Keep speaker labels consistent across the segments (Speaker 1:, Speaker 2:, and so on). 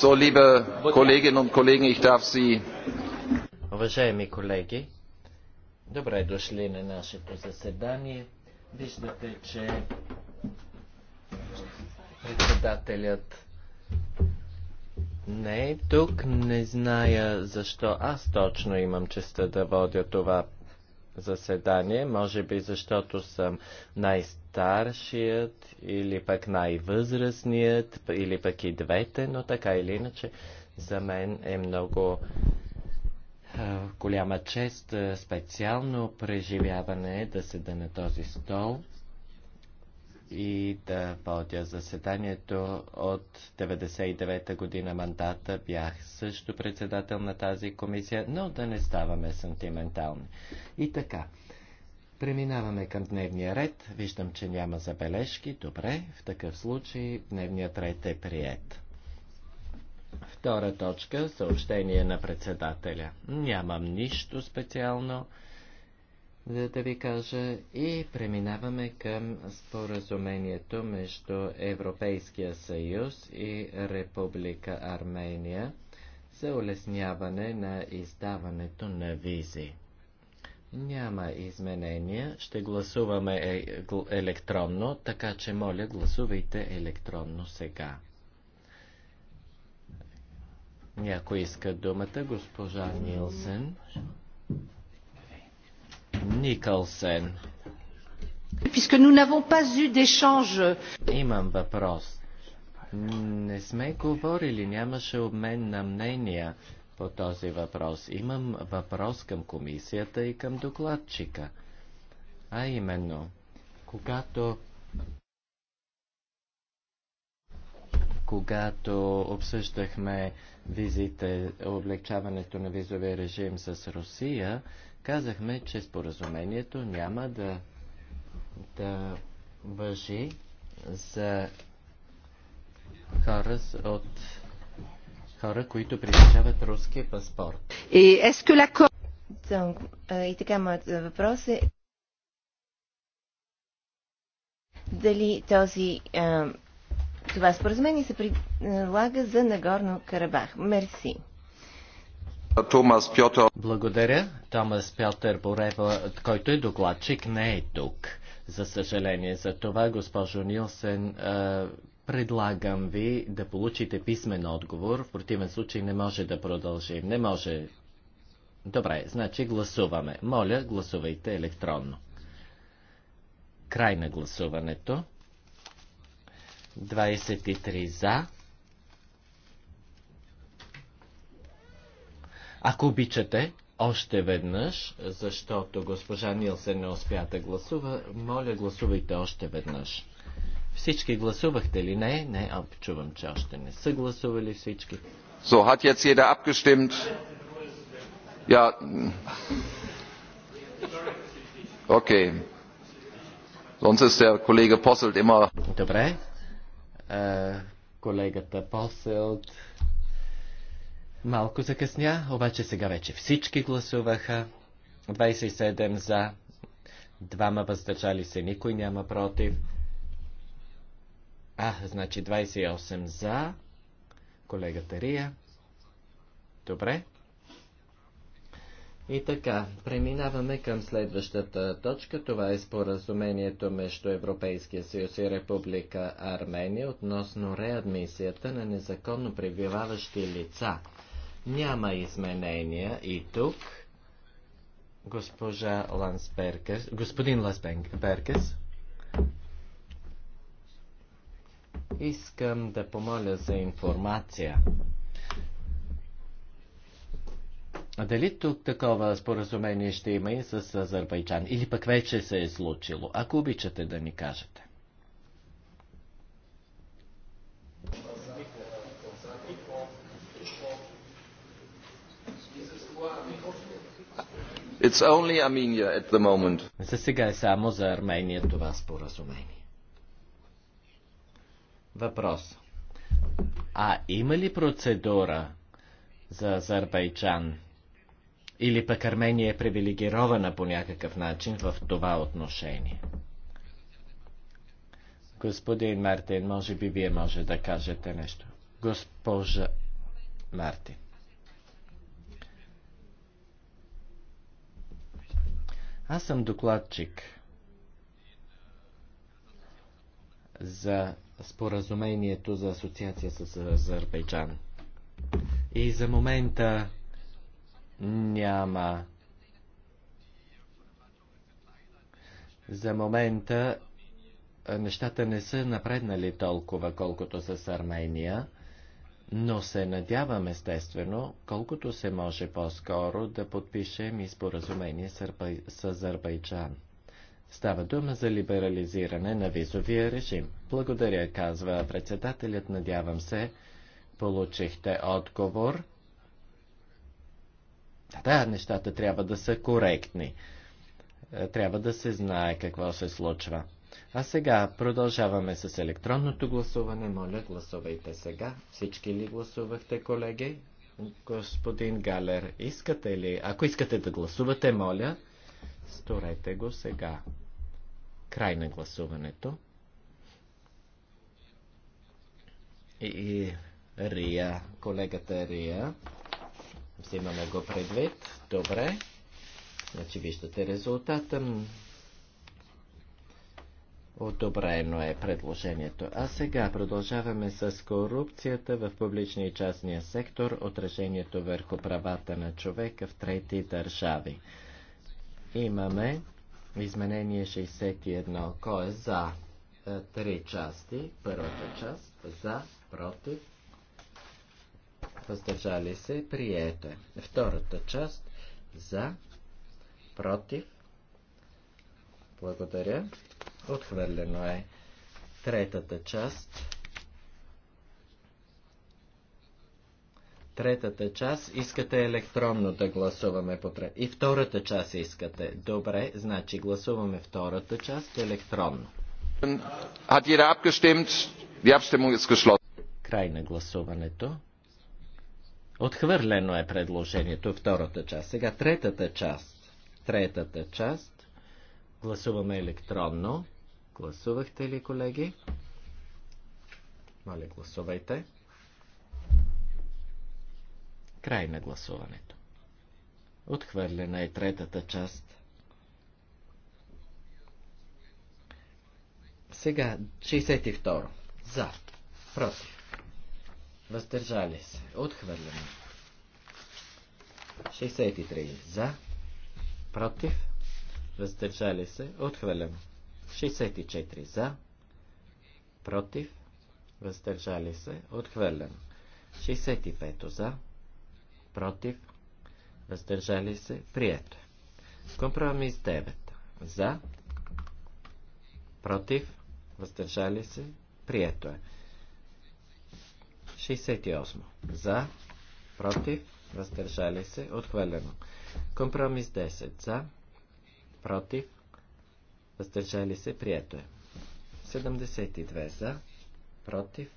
Speaker 1: So, liebe Kolleginnen und Kollegen, ich darf Sie. Уважаеми колеги, добре дошли на нашето заседание. Виждате, че председателят не е тук. Не зная защо аз точно имам честа да водя това заседание, може би защото съм най-старшият или пък най-възрастният, или пък и двете, но така или иначе за мен е много голяма чест, специално преживяване да седа на този стол и да водя заседанието. От 99-та година мандата бях също председател на тази комисия, но да не ставаме сантиментални. И така, преминаваме към дневния ред. Виждам, че няма забележки. Добре, в такъв случай дневният ред е прият. Втора точка – съобщение на председателя. Нямам нищо специално да, да ви кажа и преминаваме към споразумението между Европейския съюз и Република Армения за улесняване на издаването на визи. Няма изменения. Ще гласуваме е, гл, електронно, така че моля гласувайте електронно сега. Някой иска думата, госпожа Нилсен. Никълсен. Имам въпрос. Не сме говорили, нямаше обмен на мнения по този въпрос. Имам въпрос към комисията и към докладчика. А именно, когато когато обсъждахме визите, облегчаването на визовия режим с Русия, Казахме, че споразумението няма да, да въжи за хора от хора, които притежават руски паспорт. И, е-, и така, моят въпрос е дали този, това споразумение се прилага за Нагорно Карабах. Мерси. Томас Пьотър. Благодаря. Томас Пьотър Борева, който е докладчик, не е тук. За съжаление за това, госпожо Нилсен, предлагам ви да получите писмен отговор. В противен случай не може да продължим. Не може. Добре, значи гласуваме. Моля, гласувайте електронно. Край на гласуването. 23 за, Ако обичате, още веднъж, защото госпожа Нилсен не успя да гласува, моля гласувайте още веднъж. Всички гласувахте ли? Не, не, а чувам, че още не са гласували всички. So, hat jetzt jeder abgestimmt? Ja. Okay. Sonst ist der Kollege Posselt immer... Добре. Uh, колегата Posselt... Малко закъсня, обаче сега вече всички гласуваха. 27 за, двама въздържали се, никой няма против. А, значи 28 за, колегата Рия. Добре. И така, преминаваме към следващата точка. Това е споразумението между Европейския съюз и Република Армения относно реадмисията на незаконно пребиваващи лица. Няма изменения и тук. Госпожа Лансберкес, господин Лансберкес, искам да помоля за информация. А дали тук такова споразумение ще има и с Азербайджан? Или пък вече се е случило? Ако обичате да ни кажете. It's only Armenia at the moment. За сега е само за Армения това споразумение. Въпрос. А има ли процедура за Азербайджан? Или пък Армения е привилегирована по някакъв начин в това отношение? Господин Мартин, може би вие може да кажете нещо. Госпожа Мартин. Аз съм докладчик за споразумението за асоциация с Азербайджан. И за момента няма. За момента нещата не са напреднали толкова, колкото с Армения но се надявам естествено, колкото се може по-скоро да подпишем и споразумение с, с Азербайджан. Става дума за либерализиране на визовия режим. Благодаря, казва председателят. Надявам се, получихте отговор. Да, нещата трябва да са коректни. Е, трябва да се знае какво се случва. А сега продължаваме с електронното гласуване. Моля, гласувайте сега. Всички ли гласувахте, колеги? Господин Галер, искате ли? Ако искате да гласувате, моля, сторете го сега. Край на гласуването. И, и Рия, колегата Рия, взимаме го предвид. Добре. Значи виждате резултата. Одобрено е предложението. А сега продължаваме с корупцията в публичния и частния сектор, отражението върху правата на човека в трети държави. Имаме изменение 61. Кой е за? Е, три части. Първата част за, против, въздържали се, приете. Втората част за, против, благодаря. Отхвърлено е. Третата част. Третата част искате електронно да гласуваме по И втората част искате. Добре, значи гласуваме втората част електронно. Hat jeder abgestimmt? Die Abstimmung ist geschlossen. Край на гласуването. Отхвърлено е предложението втората част. Сега третата част. Третата част. Гласуваме електронно. Гласувахте ли, колеги? Моля, гласувайте. Край на гласуването. Отхвърлена е третата част. Сега 62. За. Против. Въздържали се. Отхвърлено. 63. За. Против. Въздържали се. Отхвърлено. 64 за, против, въздържали се, отхвърлено. 65 за, против, въздържали се, прието. Компромис 9 за, против, въздържали се, прието е. 68 е. за, против, въздържали се, отхвърлено. Компромис 10 за, против, въздържали се, прието е. 72 за, против.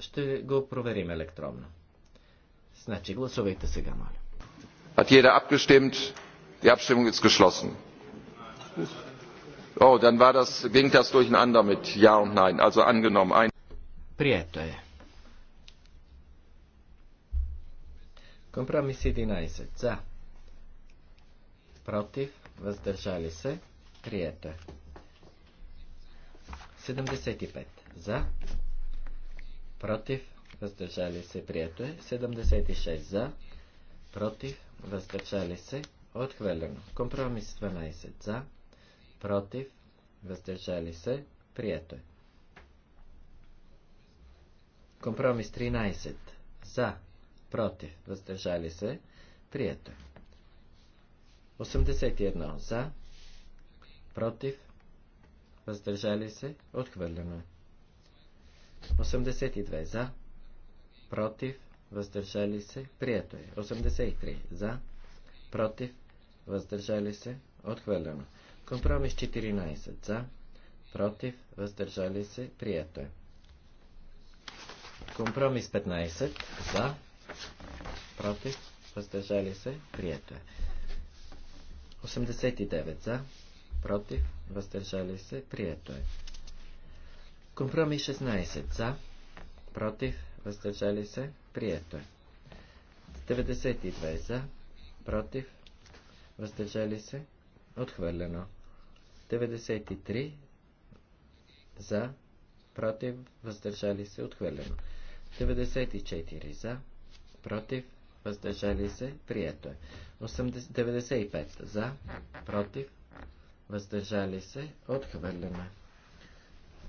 Speaker 1: Ще го проверим електронно. Значи гласувайте сега, моля. Hat jeder abgestimmt? Die Abstimmung ist geschlossen. Oh, dann war das, ging das durcheinander mit Ja und Nein. Also angenommen. Ein Prieto je. Компромис 11. Za. Protiv въздържали се, прието е. 75 за, против, въздържали се, прието е. 76 за, против, въздържали се, отхвърлено. Компромис 12 за, против, въздържали се, прието е. Компромис 13 за, против, въздържали се, прието е. 81 за, против, въздържали се, отхвърлено. 82 за, против, въздържали се, прието е. 83 за, против, въздържали се, отхвърлено. Компромис 14 за, против, въздържали се, прието е. Компромис 15 за, против, въздържали се, прието е. 89 за, против, въздържали се, прието е. Компромис 16 за, против, въздържали се, прието е. 92 за, против, въздържали се, отхвърлено. 93 за, против, въздържали се, отхвърлено. 94 за, против, въздържали се, прието е. 95 за, против, въздържали се, отхвърляме.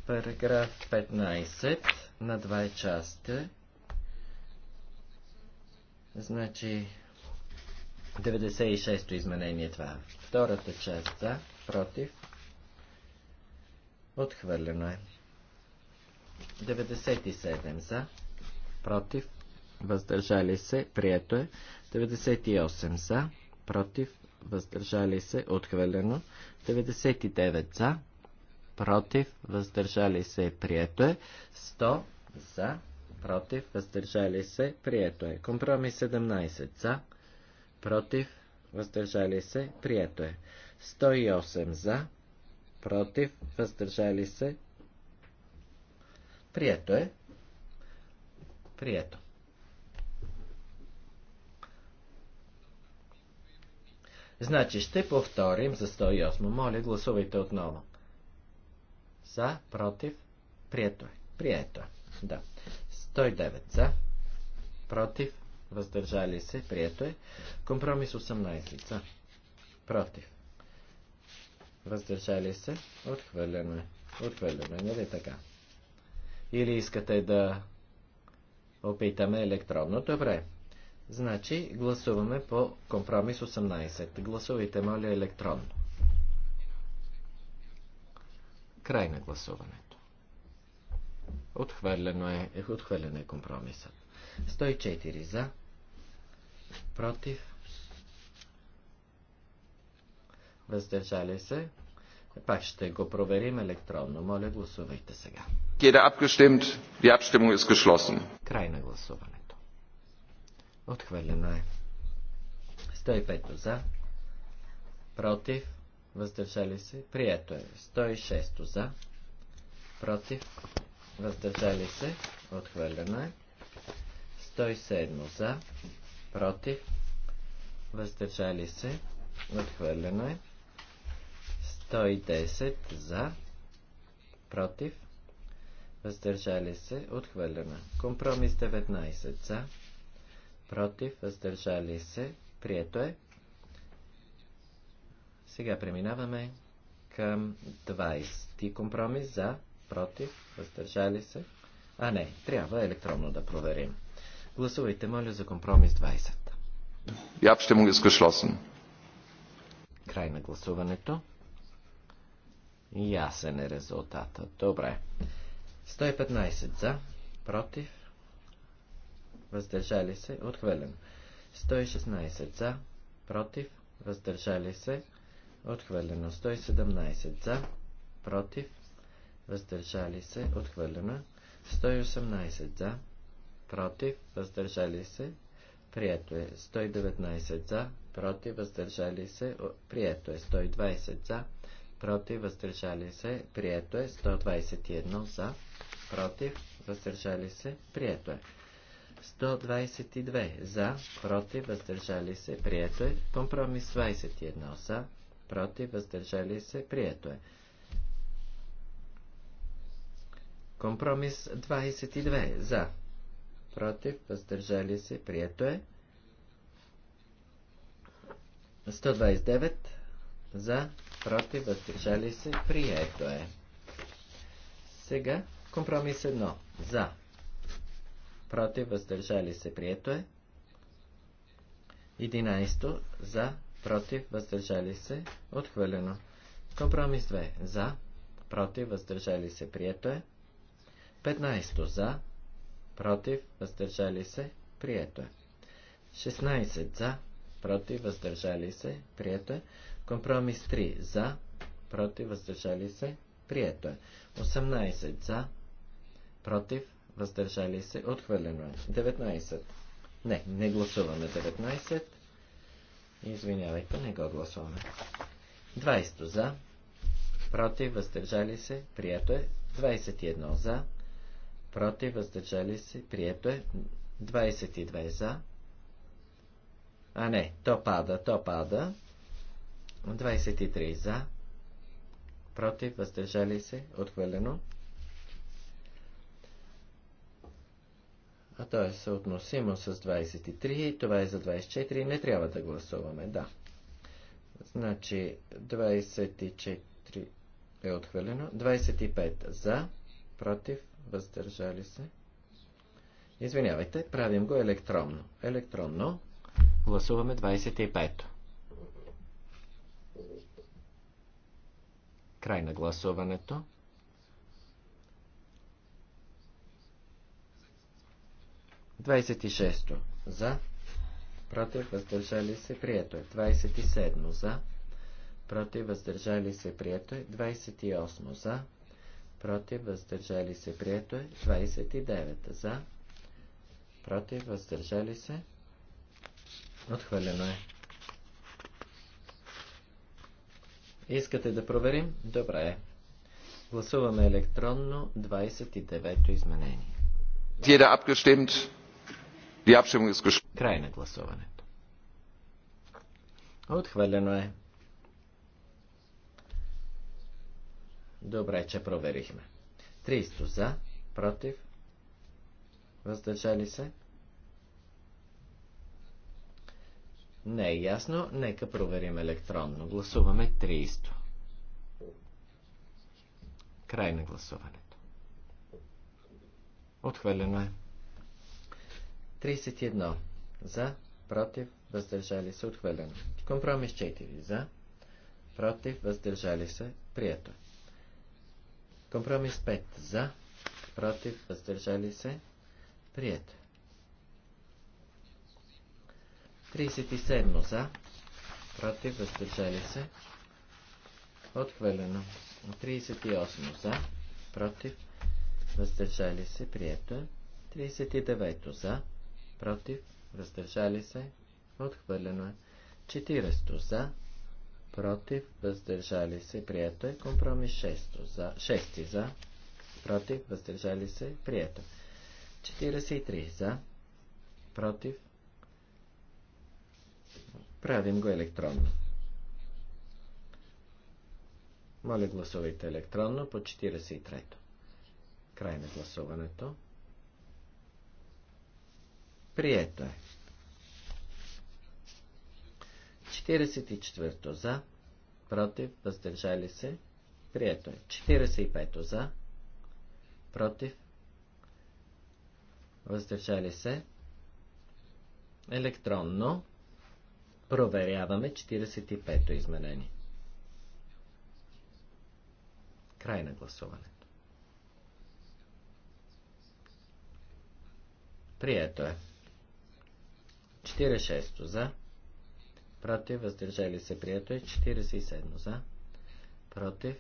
Speaker 1: Параграф 15 на два части. Значи 96-то изменение това. Втората част за, против, отхвърлено е. 97 за, против, въздържали се, прието е. 98 за, против, въздържали се, отхвърлено. 99 за, против, въздържали се, прието е. 100 за, против, въздържали се, прието е. Компромис 17 за, против, въздържали се, прието е. 108 за, против, въздържали се, прието е. Прието. Значи ще повторим за 108. Моля, гласувайте отново. За, против, прието е. Прието е. Да. 109 за, против, въздържали се, прието е. Компромис 18 за, против, въздържали се, отхвърлено е. Отхвърлено е, нали така? Или искате да опитаме електронно? Добре. Значи гласуваме по компромис 18. Гласувайте, моля, електронно. Край на гласуването. Отхвърлено е, е отхвърлен е компромисът. 104 за, против, въздържали се. Пак ще го проверим електронно. Моля, гласувайте сега. Край на гласуване. Отхвърлено е. 105 за. Против. Въздържали се. Прието е. 106 за. Против. Въздържали се. Отхвърлено е. 107 за. Против. Въздържали се. Отхвърлено е. 110 за. Против. Въздържали се. Отхвърлено. Е. Компромис 19 за против, въздържали се, прието е. Сега преминаваме към 20 компромис за, против, въздържали се. А не, трябва електронно да проверим. Гласувайте, моля, за компромис 20. Die Abstimmung ist geschlossen. Край на гласуването. Ясен е резултата. Добре. 115 за, против, въздържали се, отхвърлено. 116 за, против, въздържали се, отхвърлено. 117 за, против, въздържали се, отхвърлено. 118 за, против, въздържали се, прието е. 119 е. за, против, въздържали се, прието е. 120 за, против, въздържали се, прието е. 121 за, против, въздържали се, прието е. 122 за, против, въздържали се, прието е. Компромис 21 за, против, въздържали се, прието е. Компромис 22 за, против, въздържали се, прието е. 129 за, против, въздържали се, прието е. Сега компромис 1 за, против, въздържали се, прието е. 11. За, против, въздържали се, отхвърлено. Компромис 2. За, против, въздържали се, прието е. 15. За, против, въздържали се, прието е. 16. За, против, въздържали се, прието е. Компромис 3. За, против, въздържали се, прието е. 18. За, против, въздържали се, отхвърлено е. 19. Не, не гласуваме 19. Извинявайте, не го гласуваме. 20 за, против, въздържали се, прието е. 21 за, против, въздържали се, прието е. 22 за. А не, то пада, то пада. 23 за, против, въздържали се, отхвърлено. а то е съотносимо с 23 и това е за 24 не трябва да гласуваме, да. Значи 24 е отхвърлено, 25 за, против, въздържали се. Извинявайте, правим го електронно. Електронно гласуваме 25. Край на гласуването. 26. За. Против. Въздържали се. Прието е. 27. За. Против. Въздържали се. Прието е. 28. За. Против. Въздържали се. Прието е. 29. За. Против. Въздържали се. Отхвърлено е. Искате да проверим? Добре. е. Гласуваме електронно 29-то изменение. Jeder abgestimmt. Край на гласуването. Отхвърлено е. Добре, че проверихме. 300 за, против, въздържали се. Не е ясно, нека проверим електронно. Гласуваме 300. Край на гласуването. Отхвърлено е. 31. За, против, въздържали се, отхвърлено. Компромис 4. За, против, въздържали се, прието. Компромис 5. За, против, въздържали се, прието. 37. За, против, въздържали се, отхвърлено. 38. За, против, въздържали се, прието. 39. За, против, въздържали се, отхвърлено е. 40 за, против, въздържали се, прието е. Компромис 6 за, 6 за, против, въздържали се, прието. 43 за, против, правим го електронно. Моля гласувайте електронно по 43-то. Край на гласуването. Прието е. 44 за, против, въздържали се, прието е. 45 за, против, въздържали се, електронно, проверяваме 45-то изменение. Край на гласуването. Прието е. 46 за, против, въздържали се, прието е 47 за, против,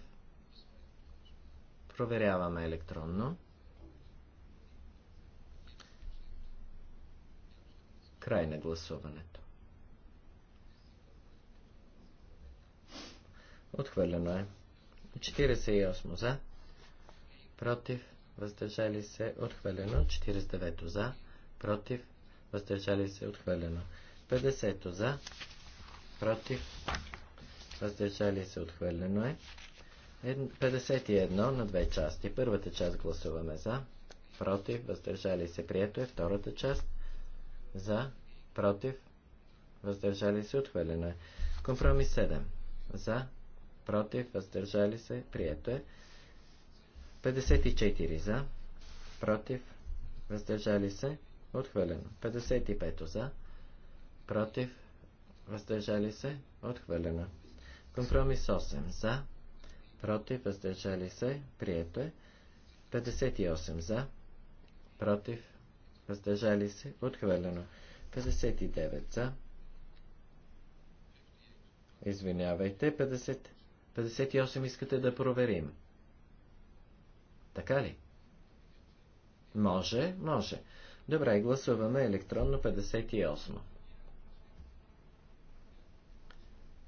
Speaker 1: проверяваме електронно. Край на гласуването. Отхвърлено е. 48 за, против, въздържали се, отхвърлено, 49 за, против, въздържали се, отхвърлено. 50 за, против, въздържали се, отхвърлено е. 51 на две части. Първата част гласуваме за, против, въздържали се, прието е. Втората част за, против, въздържали се, отхвърлено е. Компромис 7 за, против, въздържали се, прието е. 54 за, против, въздържали се, Отхвърлено. 55 за. Против. Въздържали се. Отхвърлено. Компромис 8 за. Против. Въздържали се. Прието е. 58 за. Против. Въздържали се. Отхвърлено. 59 за. Извинявайте. 50. 58 искате да проверим. Така ли? Може, може. Добре, гласуваме електронно 58.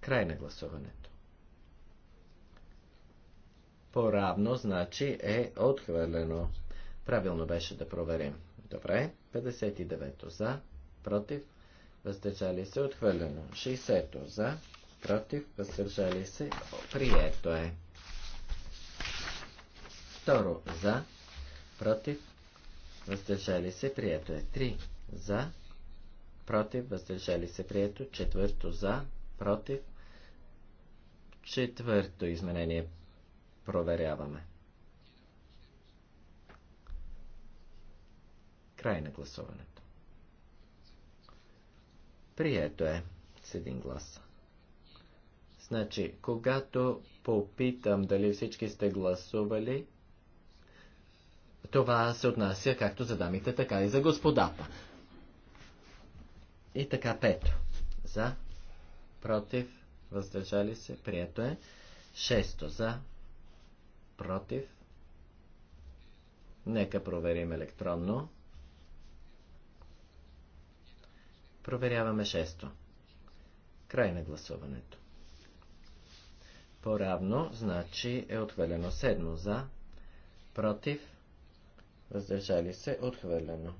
Speaker 1: Край на гласуването. Поравно, значи е отхвърлено. Правилно беше да проверим. Добре, 59-то за, против, въздържали се, отхвърлено. 60-то за, против, въздържали се, прието е. Второ за, против, въздържали се, прието е 3 за, против, въздържали се, прието, четвърто за, против, четвърто изменение проверяваме. Край на гласуването. Прието е с един глас. Значи, когато попитам дали всички сте гласували, това се отнася както за дамите, така и за господата. И така, пето. За, против, въздържали се, прието е. Шесто за, против. Нека проверим електронно. Проверяваме шесто. Край на гласуването. Поравно, значи е отвелено седмо за, против, въздържали се, отхвърлено.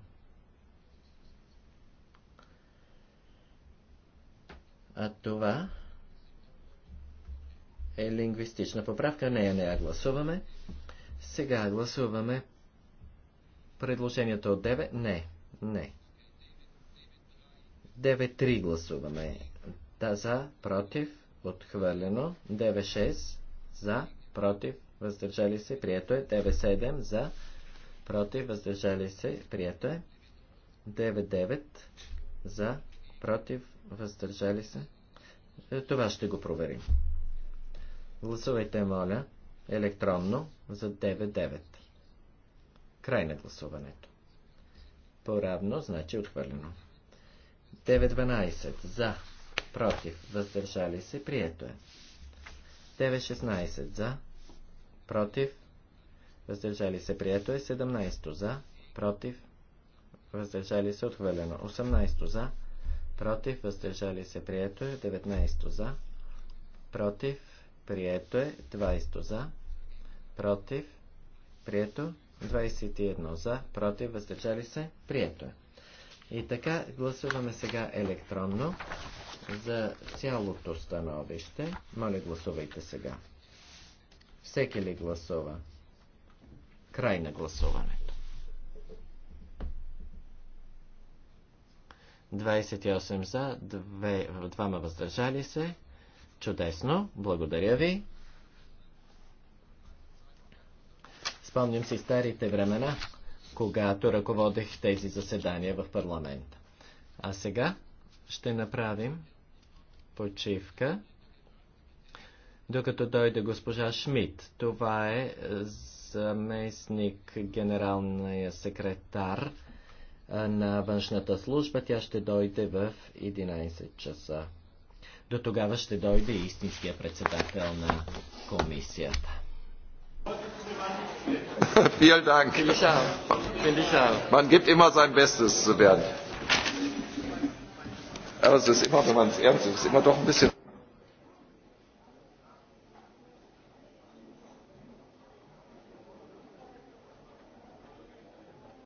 Speaker 1: А това е лингвистична поправка, нея не я гласуваме. Сега гласуваме предложението от 9. Не, не. 9-3 гласуваме. Да, за, против, отхвърлено. 9-6 за, против, въздържали се, прието е. 9-7 за, против, въздържали се, прието е. 9-9 за, против, въздържали се. Е, това ще го проверим. Гласувайте, моля, електронно за 9-9. Край на гласуването. Поравно, значи отхвърлено. 9-12 за, против, въздържали се, прието е. 9-16 за, против, въздържали се, прието е 17 за, против, въздържали се, отхвърлено 18 за, против, въздържали се, прието е 19 за, против, прието е 20 за, против, прието 21 за, против, въздържали се, прието е. И така гласуваме сега електронно за цялото становище. Моля, гласувайте сега. Всеки ли гласува? Край на гласуването. 28 за, 2, двама въздържали се. Чудесно, благодаря ви. Спомням си старите времена, когато ръководех тези заседания в парламента. А сега ще направим почивка, докато дойде госпожа Шмидт. Това е, е заместник генералния секретар на външната служба. Тя ще дойде в 11 часа. До тогава ще дойде истинския председател на комисията. Vielen Dank. Finde ich auch. Finde ich auch. Man gibt immer sein Bestes zu werden. Aber es ist immer, wenn man es ernst ist, immer doch ein bisschen.